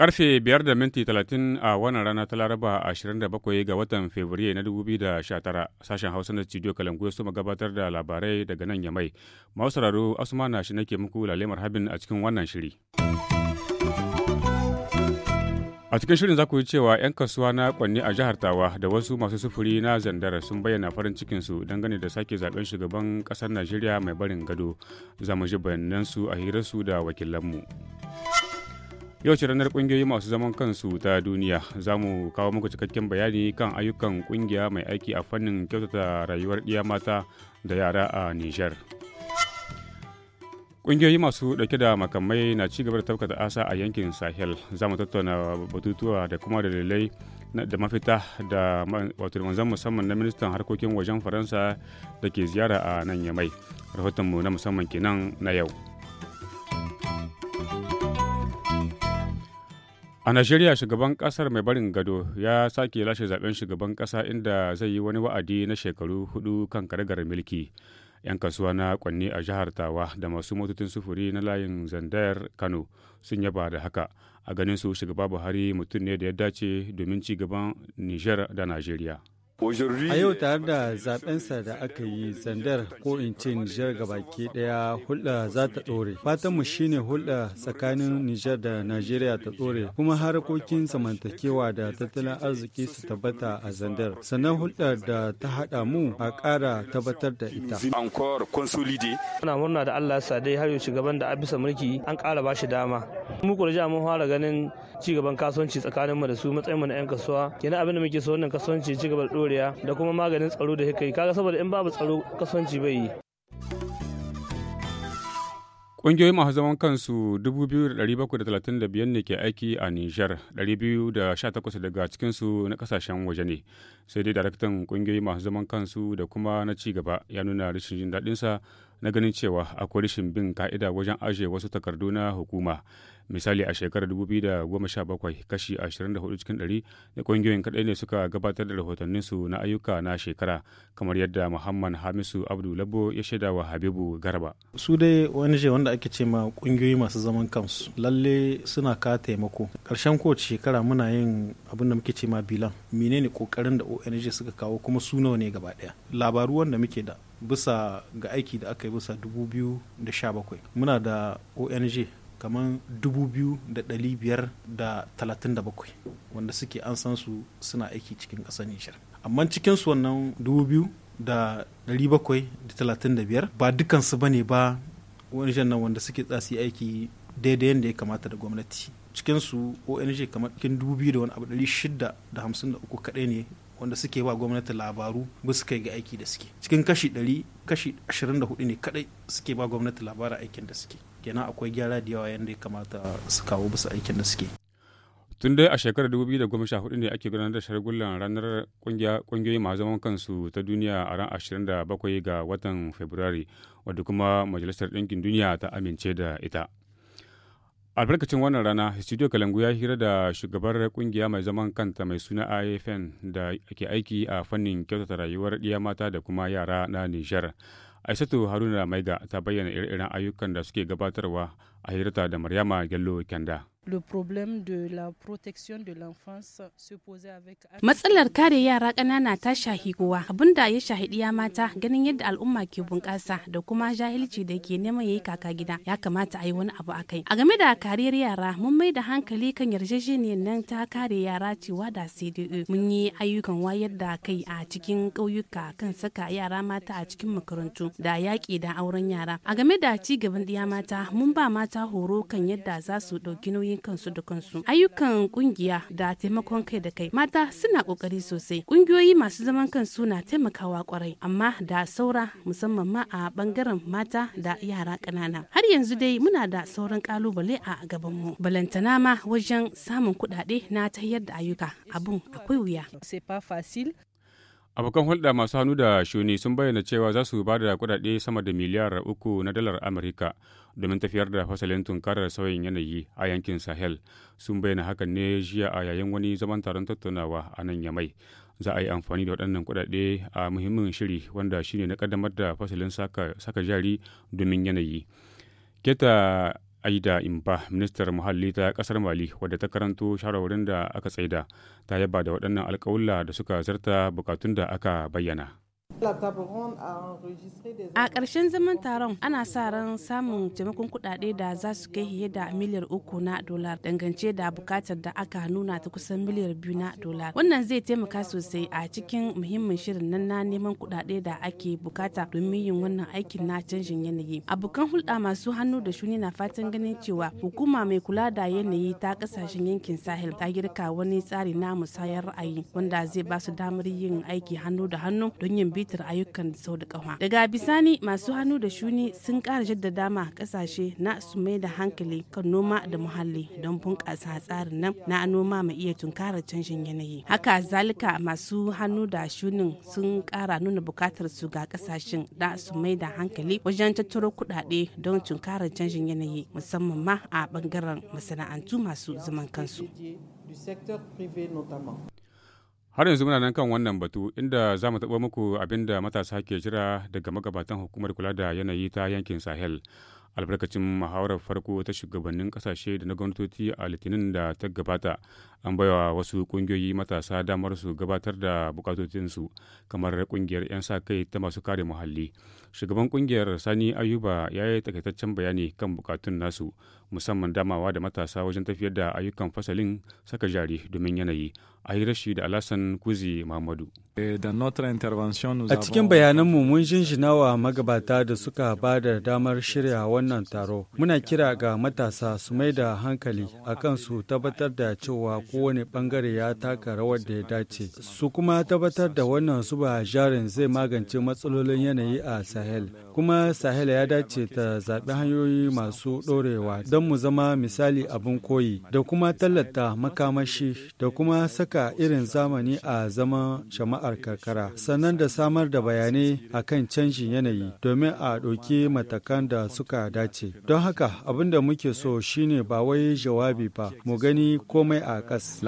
Karfe biyar da minti talatin a wannan rana ta Laraba 27 ga watan Fabrairu na tara sashen Hausa na Studio Kalangu ya soma gabatar da labarai daga nan Yamai. Masu sauraro Asuma na shi nake muku lalemar habin a cikin wannan shiri. A cikin shirin za ku yi cewa 'yan kasuwa na kwanne a jihar Tawa da wasu masu sufuri na zandara sun bayyana farin cikinsu dangane da sake zaben shugaban ƙasar Najeriya mai barin gado. Za mu ji bayanansu a hirarsu da wakilanmu. Yau ce ranar ƙungiyoyi masu zaman kansu ta duniya. Za mu kawo muku cikakken bayani kan ayyukan ƙungiya mai aiki a fannin kyautata rayuwar ɗiya mata da yara a Nijar. Ƙungiyoyi masu ɗauke da makamai na ci gaba da tafkata asa a yankin Sahel. Za mu tattauna batutuwa da kuma dalilai da mafita da wato manzan musamman na ministan harkokin wajen Faransa da ke ziyara a nan Yamai. Rahotonmu na musamman kenan na yau. A Najeriya shugaban kasar mai barin gado ya sake lashe zaben shugaban kasa inda zai yi wani wa'adi na shekaru hudu kan karagar milki. 'yan kasuwa na kwanne a jihar tawa da masu motocin sufuri na layin zandayar kano sun yaba da haka a ganin su shugaba buhari mutum ne da ya dace domin ci gaban nijar da najeriya A yau tare da zaɓensa da aka yi zandar ko in ce Nijar gaba ɗaya hulɗa za ta ɗore. Fatanmu shine hulɗa tsakanin Nijar da Najeriya ta ɗore kuma harkokin zamantakewa da tattalin arziki su tabbata a zandar. Sannan hulɗar da ta haɗa mu a ƙara tabbatar da ita. Muna murna da Allah sa dai har yau shugaban da abisa mulki an ƙara bashi shi dama. Mu kurja mun fara ganin cigaban kasuwanci tsakaninmu da su matsayinmu na 'yan kasuwa. Kenan abin da muke so wannan kasuwanci cigaba da ɗore koriya da kuma maganin tsaro da kai kaga saboda in babu tsaro kasuwanci bai yi Ƙungiyoyi masu zaman kansu 2,735 ne ke aiki a Nijar, 218 daga cikinsu na kasashen waje ne. Sai dai daraktan ƙungiyoyi masu zaman kansu da kuma na ci gaba ya nuna rashin jin daɗinsa na ganin cewa akwai rashin bin ka'ida wajen ajiye wasu takardu na hukuma misali a shekarar 2017 kashi 24 cikin 100 na ƙungiyoyin kaɗai ne suka gabatar da rahotanninsu na ayyuka na shekara kamar yadda muhammad hamisu abdu labo ya shaida wa habibu garba su dai wani wanda ake ce ma kungiyoyi masu zaman kansu lalle suna ka taimako ƙarshen kowace shekara muna yin abin da muke ce ma bilan menene ƙoƙarin da ong suka kawo kuma su nawa ne gaba ɗaya labaru wanda muke da bisa ga aiki da aka yi bisa 2017 muna da ong kamar 2,537 wanda suke an san su suna aiki cikin ƙasar nishar amma cikin su wannan 2,735 ba dukansu ba ne ba ong nan wanda suke tsasi aiki daidai yadda ya kamata da gwamnati cikinsu ong kamar cikin dubu biyu da wani abu da hamsin da uku kaɗai ne wanda suke wa gwamnati labaru ba su kai ga aiki da suke cikin kashi 100 kashi 24 ne kadai suke ba gwamnati labarin aikin da suke kenan akwai gyara da yawa yadda ya kamata su kawo bisa aikin da suke tun dai a shekarar 2014 ne ake gudanar da shargullan ranar kungiyoyi masu zaman kansu ta duniya a ran 27 ga watan fabrairu wadda kuma majalisar ɗinkin duniya ta amince da ita albarkacin wannan rana studio kalangu ya hira da shugabar kungiya mai zaman kanta mai suna afn da ke aiki a fannin kyautata rayuwar ɗiya mata da kuma yara na nijar aisatu haruna maiga ta bayyana ire-iren ayyukan da suke gabatarwa a hirata da maryama gello kenda le protection Matsalar kare yara ƙanana ta shahi kowa abinda ya shahi ya mata ganin yadda al'umma ke bunƙasa da kuma jahilci da ke neman yayi kaka gida ya kamata a yi wani abu a kai. A game da kariyar yara mun mai da hankali kan yarjejeniyar nan ta kare yara cewa da CDE eh, mun yi ayyukan wayar da kai a cikin ƙauyuka kan saka yara mata a cikin makarantu da yaƙi da auren yara. A game da ci gaban ɗiya mata mun ba mata horo kan yadda za su ɗauki nauyin nauyin kansu da kansu ayyukan kungiya da taimakon kai da kai mata suna kokari sosai kungiyoyi masu zaman kansu na taimakawa kwarai amma da saura musamman ma a bangaren mata da yara kanana har yanzu dai muna da sauran kalubale a gaban mu balantana ma wajen samun kuɗaɗe na ta da ayyuka abun akwai wuya abokan hulɗa masu hannu da shuni sun bayyana cewa za su ba da kudade sama da miliyar uku na dalar amurka domin tafiyar da fasalin tunkarar sauyin yanayi a yankin sahel sun bayyana hakan ne jiya a yayin wani zaman taron tattaunawa a nan yamai za a yi amfani da waɗannan kuɗaɗe a muhimmin shiri wanda shine na ƙaddamar da fasalin saka jari domin yanayi keta aida imba ministar muhalli ta ƙasar mali wadda ta karanto shawarwarin da aka tsaida ta yaba da waɗannan alƙawula da suka zarta bukatun da aka bayyana A ƙarshen zaman taron ana sa ran samun taimakon kuɗaɗe da za su kai fiye da miliyar uku na dolar dangance da bukatar da aka nuna ta kusan miliyar biyu na dolar. Wannan zai taimaka sosai a cikin muhimmin shirin nan na neman kuɗaɗe da ake bukata domin yin wannan aikin na canjin yanayi. Abokan hulɗa masu hannu da shuni na fatan ganin cewa hukuma mai kula da yanayi ta ƙasashen yankin Sahel ta girka wani tsari na musayar ra'ayi wanda zai ba su damar yin aiki hannu da hannu don yin bitar ayyukan sau da kawa daga bisani masu hannu da shuni sun kara jaddada ma kasashe na su mai da hankali kan noma da muhalli don bunƙasa tsarin nan na noma mai iya tunkarar canjin yanayi haka zalika masu hannu da shunin sun kara nuna bukatar su ga kasashen da su mai da hankali wajen tattaro kuɗaɗe don tunkarar canjin yanayi musamman ma a bangaren masana'antu masu zaman kansu. du secteur Har yanzu muna nan kan wannan batu inda za mu taɓa muku abin da matasa ke jira daga magabatan hukumar kula da yanayi ta yankin Sahel. Albarkacin muhawarar farko ta shugabannin kasashe da na gwamnatoci a litinin da ta gabata an baiwa wasu ƙungiyoyi matasa damar su gabatar da bukatotinsu kamar ƙungiyar 'yan sa kai ta masu kare muhalli. Shugaban ƙungiyar Sani Ayuba ya yi takaitaccen bayani kan bukatun nasu musamman damawa da matasa wajen tafiyar da ayyukan fasalin saka jari domin yanayi. a da alasan kuzi mamadu eh, a cikin bayananmu mun jinjina wa magabata da suka ba da damar shirya wannan taro muna kira ga matasa su mai da hankali a kan su tabbatar da cewa kowane bangare ya taka rawar da ya dace su kuma tabbatar da wannan zuba jarin zai magance matsalolin yanayi a sahel kuma sahel ya dace ta zaɓi hanyoyi masu ɗorewa don mu zama misali abin koyi da kuma tallata makamashi da kuma saka saka irin zamani a zaman shama'ar karkara sannan da samar da bayanai a kan canjin yanayi domin a ɗauki matakan da suka dace don haka abin da muke so shine ba wai jawabi ba mu gani komai a ƙas.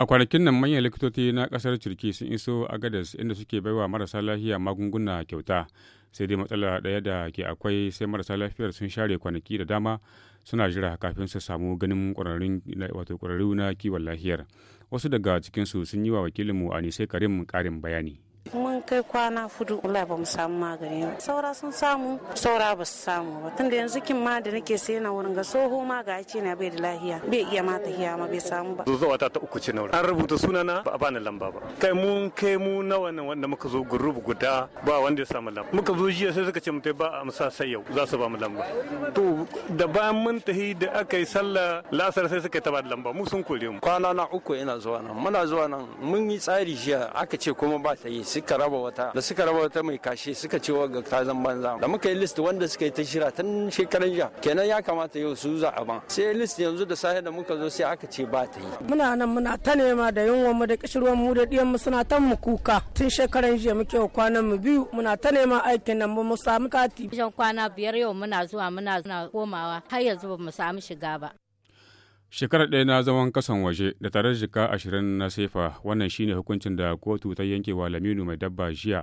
A kwanakin nan manyan likitoci na kasar Turki sun iso Agadas inda suke baiwa marasa lafiya magunguna kyauta. Sai dai matsala ɗaya da ke akwai sai marasa lafiyar sun share kwanaki da dama suna jira kafin su samu ganin ƙwararru na kiwon lafiyar. Wasu daga cikinsu sun yi wa wakilinmu nisai Karim ƙarin bayani. mun kai kwana fudu Allah ba mu samu magani ba saura sun samu saura ba su samu ba tunda yanzu kin ma da nake sai na wurin ga soho ma ga ce na bai da lahiya bai iya ma hiya ma bai samu ba zuwa ta uku ce na an rubuta sunana ba a bani lamba ba kai mun kai mu na wannan wanda muka zo gurub guda ba wanda ya samu lamba muka zo jiya sai suka ce mutai ba a musa sai yau za su ba mu lamba to da bayan mun tahi da aka yi sallah lasar sai suka ta ba lamba mu sun kore mu kwana na uku ina zuwa nan muna zuwa nan mun yi tsari jiya aka ce kuma ba ta yi suka raba wata da suka raba wata mai kashe suka ce wa ga tazan banza da muka yi list wanda suka yi ta shira tun shekaran jiya kenan ya kamata yau su za a ban sai list yanzu da sahi da muka zo sai aka ce ba ta yi muna nan muna ta nema da yunwa mu da kishirwan mu da diyan mu suna ta mu kuka tun shekaran jiya muke wa kwanan mu biyu muna ta nema aikin nan mu samu kati kwana biyar yau muna zuwa muna komawa har yanzu ba mu samu shiga ba Shekarar ɗaya na zaman kasan waje da tare jika ashirin na sefa wannan shine hukuncin da kotu ta yanke wa Laminu mai dabba jiya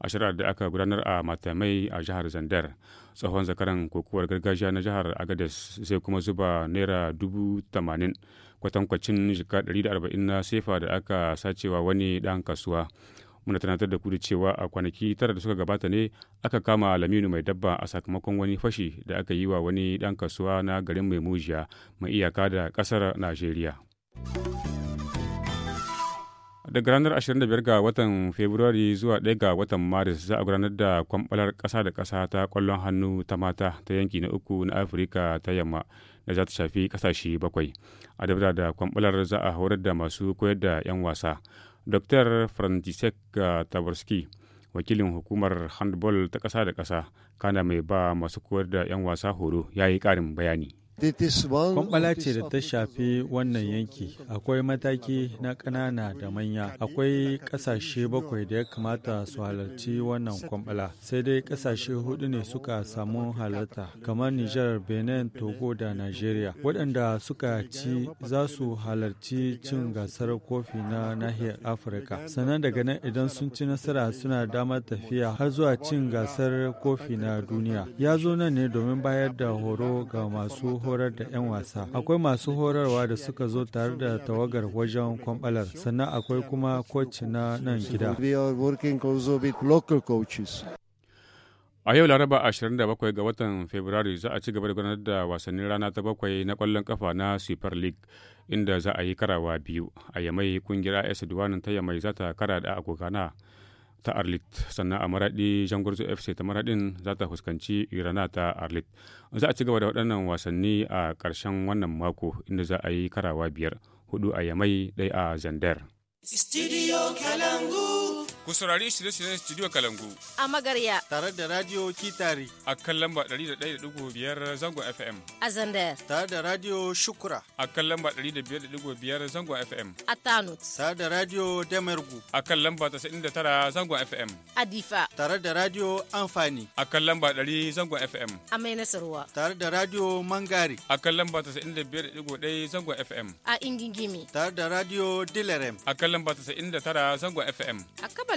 a shirar da aka gudanar a Matamai a jihar Zandar. Tsohon zakaran kokowar gargajiya na jihar Agadez zai kuma zuba naira dubu tamanin kwatankwacin jika ɗari da arba'in na sefa da aka sacewa wani ɗan kasuwa. muna tunatar da ku da cewa a kwanaki tara da suka gabata ne aka kama laminu mai dabba a sakamakon wani fashi da aka yi wa wani dan kasuwa na garin mai mujiya mai iyaka da kasar najeriya daga ranar 25 ga watan Fabrairu zuwa 1 ga watan Maris za a gudanar da kwambalar kasa da kasa ta kwallon hannu ta mata ta yanki na uku na Afirka ta yamma da za ta shafi ƙasashe bakwai. A dabara da kwambalar za a horar da masu koyar da 'yan wasa. dr frantisek ah, tabarski wakilin hukumar handball ta ƙasa da ƙasa kana mai ba masu koyar da 'yan wasa horo ya yi ƙarin bayani Kwamɓala ce da ta shafi wannan yanki. Akwai mataki na ƙanana da manya. Akwai ƙasashe bakwai da ya kamata su halarci wannan kwamɓala. Sai dai ƙasashe hudu ne suka samu halarta, kamar Nijar, Benin, Togo da Najeriya. Waɗanda suka ci za su halarci cin gasar kofi na nahiyar Afirka. Sannan daga nan idan sun ci nasara suna damar tafiya har zuwa cin gasar kofi na duniya. Ya zo nan ne domin bayar da horo ga masu horar da 'yan wasa akwai masu horarwa da suka zo tare da tawagar wajen kwambalar sannan akwai kuma coach na nan gida a yau laraba 27 ga watan february za a ci gaba da gudanar da wasannin rana ta bakwai na kwallon kafa na super league inda za a yi karawa biyu a yamai kungiyar as ta yamai za ta kara da agogana ta arlit sannan a maraɗi jangwarzo fc ta maraɗin za ta fuskanci irana ta arlit za a ci gaba da waɗannan wasanni a ƙarshen wannan mako inda za a yi karawa biyar hudu a yamai ɗaya a zandar studio kalangu Ku saurari shirye-shiryen Studio Kalangu. A Magarya. Tare da Radio Kitari. A kan lamba 101.5 Zango FM. A Zandar. Tare da Radio Shukura. A kan lamba 105.5 Zango FM. A Tanut. Tare da Radio Damergu. A kan lamba 99 Zango FM. A Difa. Tare da Radio Amfani. A kan lamba 100 Zango FM. A Mai Nasarwa. Tare da Radio Mangari. A kan lamba 95.1 Zango FM. A Ingingimi. Tare da Radio Dilerem. A kan lamba 99 Zango FM. A Kabal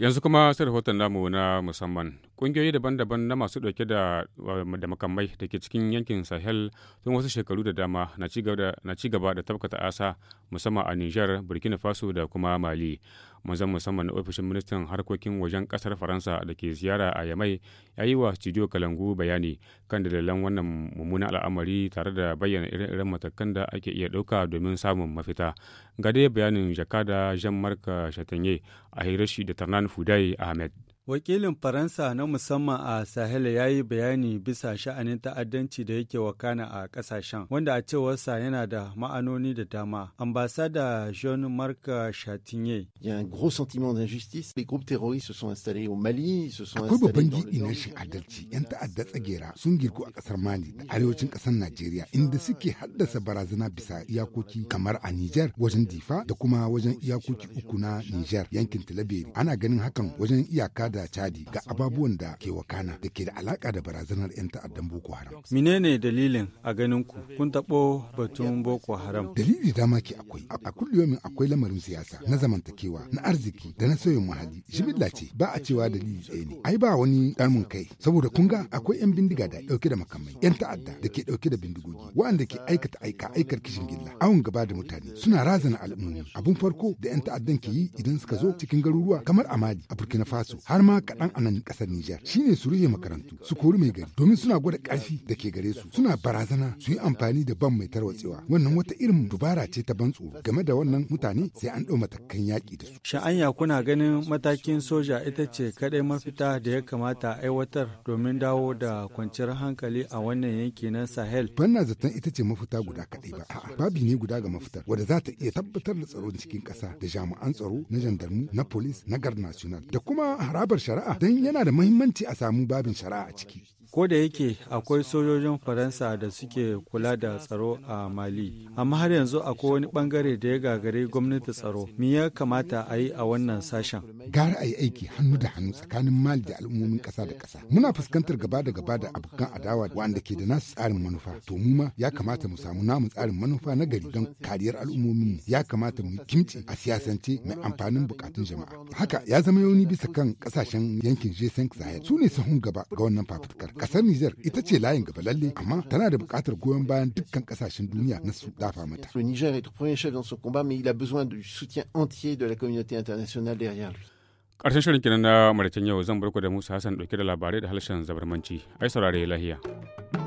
yanzu kuma sai rahoton namu na musamman ƙungiyoyi daban-daban na masu ɗauke da makamai da ke cikin yankin sahel tun wasu shekaru da dama na cigaba da tafkata asa musamman a niger burkina faso da kuma mali mazan musamman na ofishin ministan harkokin wajen kasar faransa da ke ziyara a yamai ya yi wa studio kalangu bayani kan dalilan wannan mummunan al'amari tare da bayyana irin-irin matakan da ake iya ɗauka domin samun mafita ga dai bayanin jakada jean marc chatanier a hirashi da tarnan fudai ahmed Wakilin Faransa na musamman a Sahel ya yi bayani bisa sha'anin ta'addanci da yake wakana a kasashen wanda a cewarsa yana da ma'anoni da dama. Ambasada Jean-Marc Chatigné. Akwai babban gidi na rashin adalci, ‘yan ta'adda tsagera sun girku a ƙasar Mali da arewacin ƙasar Najeriya, inda suke haddasa barazana bisa iyakoki kamar a Nijar wajen Difa da kuma wajen iyakoki uku na Nijar yankin Talabere. Ana ganin hakan wajen iyaka da cadi ga ababuwan da ke wakana da ke da alaka da barazanar 'yan ta'addan Boko Haram. Menene dalilin a ganin ku kun tabo batun Boko Haram? Dalili dama ke akwai. A kulliyomin akwai lamarin siyasa na zamantakewa na arziki da na sauyin muhalli. Jimilla ce ba a cewa dalili ɗaya ne. Ai ba wani damun kai saboda kun ga akwai 'yan bindiga da ɗauke da makamai 'yan ta'adda da ke ɗauke da bindigogi waɗanda ke aikata aika aikar kishin gilla awon gaba da mutane suna razana al'ummomi abun farko da 'yan ta'addan ke yi idan suka zo cikin garuruwa kamar amadi a Burkina Faso har har ma kaɗan a nan ƙasar Nijar shine su rufe makarantu su kori mai gari domin suna gwada ƙarfi da ke gare su suna barazana su yi amfani da ban mai tarwatsewa wannan wata irin dubara ce ta ban tsoro game da wannan mutane sai an ɗau matakan yaƙi da su. Sha'anya kuna ganin matakin soja ita ce kaɗai mafita da ya kamata a aiwatar domin dawo da kwanciyar hankali a wannan yanki na Sahel. Banna zaton ita ce mafita guda kaɗai ba a'a babi ne guda ga mafitar wadda za ta iya tabbatar da tsaron cikin ƙasa da jami'an tsaro na jandarmu na polis na gar national da kuma babar shari'a don yana da muhimmanci a samu babin shari'a a ciki. ko da yake akwai sojojin faransa da suke kula da tsaro a mali amma har yanzu akwai wani bangare da ya gagare gwamnati tsaro me ya kamata a yi a wannan sashen gara a yi aiki hannu da hannu tsakanin mali da al'ummomin ƙasa da kasa muna fuskantar gaba da gaba da abokan adawa wanda ke da nasu tsarin manufa to mu ma ya kamata mu samu namu tsarin manufa na gari don kariyar al'ummominmu ya kamata mu kimci a siyasance mai amfanin bukatun jama'a haka ya zama yauni bisa kan kasashen yankin g5 sahel su ne sahun gaba ga wannan fafutukar Kasar Nijar ita ce layin gaba lalle amma tana da bukatar goyon bayan dukkan kasashen duniya na su dafa mata. Le Niger est le premier chef dans ce combat mais il a besoin du soutien entier de la communauté internationale derrière lui. Ƙarshen shirin kenan na Maritain yau zan barku da Musa Hassan ɗauke da labarai da halshen zabarmanci. Ai saurare lahiya.